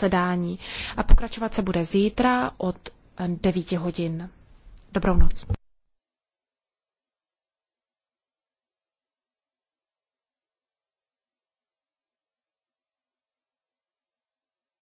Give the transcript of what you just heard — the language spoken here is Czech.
zasedání. A pokračovat se bude zítra od 9 hodin. Dobrou noc.